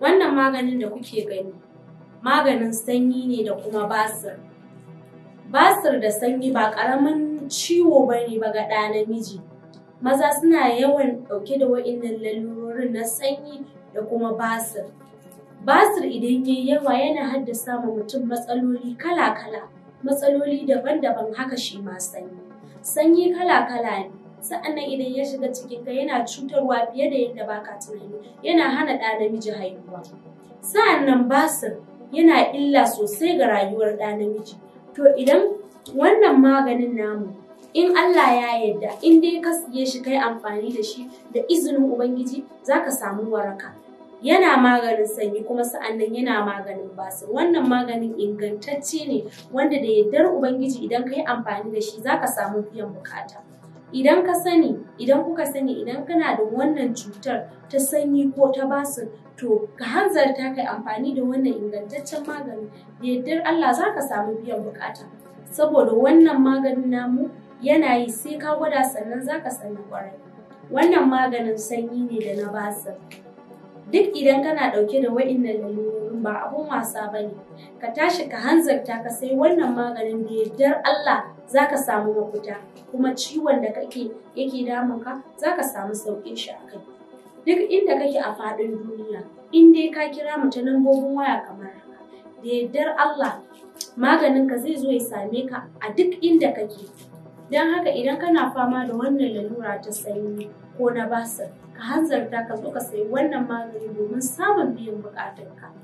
Wannan maganin da kuke gani maganin sanyi ne da kuma basir. Basir da sanyi ba ƙaramin ciwo ba ne ba ga ɗa namiji. Maza suna yawan ɗauke da wa'innan lalurorin na sanyi da kuma basir. Basir idan yayi yawa yana haddasa ma mutum matsaloli kala-kala, matsaloli daban-daban haka shi ma sanyi. Sanyi kala-kala ne. sa'annan idan ya shiga cikin ka yana cutarwa fiye da yadda baka tunani yana hana ɗa namiji haihuwa sa'annan basir yana illa sosai ga rayuwar ɗa namiji to idan wannan maganin namu in Allah ya yarda in dai ka siye shi kai amfani da shi da izinin ubangiji zaka samu waraka yana maganin sanyi kuma sa'annan yana maganin basir wannan maganin ingantacce ne wanda da yardar ubangiji idan ka yi amfani da shi zaka samu biyan bukata idan ka sani idan kuka sani idan kana da wannan cutar ta sanyi ko ta basu to ka hanzarta kai amfani da wannan ingantaccen magani da yardar Allah za ka samu biyan bukata saboda wannan maganin namu yana yi sai ka gwada sannan za ka sani kwarai wannan maganin sanyi ne da na basir duk idan kana ɗauke da wa'innan lalurorin ba abun wasa ba ne ka tashi ka hanzarta ka sai wannan maganin da yardar Allah za ka samu mafita kuma ciwon da kake yake damunka za ka samu sauƙin shi a kai duk inda kake a faɗin duniya in dai ka kira mu ta lambobin waya kamar da yardar Allah maganin ka zai zo ya same ka a duk inda kake Don haka idan kana fama da wannan lalura ta sanyi ko na basir, ka hanzarta ka zo ka sayi wannan magani domin samun biyan ka.